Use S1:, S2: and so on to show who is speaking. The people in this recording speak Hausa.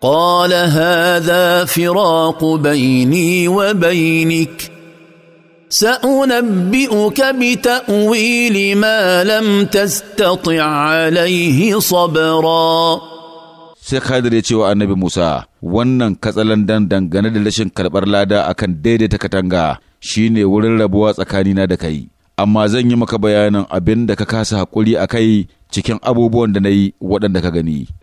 S1: قال هذا فراق بيني وبينك سانبئك بتاويل ما لم تستطع عليه صبرا sai Khadir ya ce wa
S2: annabi Musa, wannan katsalandan dangane da rashin karɓar lada akan daidaita katanga shine wurin rabuwa tsakanina da kai, amma zan yi maka bayanin abin da ka kasa haƙuri a kai cikin abubuwan da na yi waɗanda ka gani.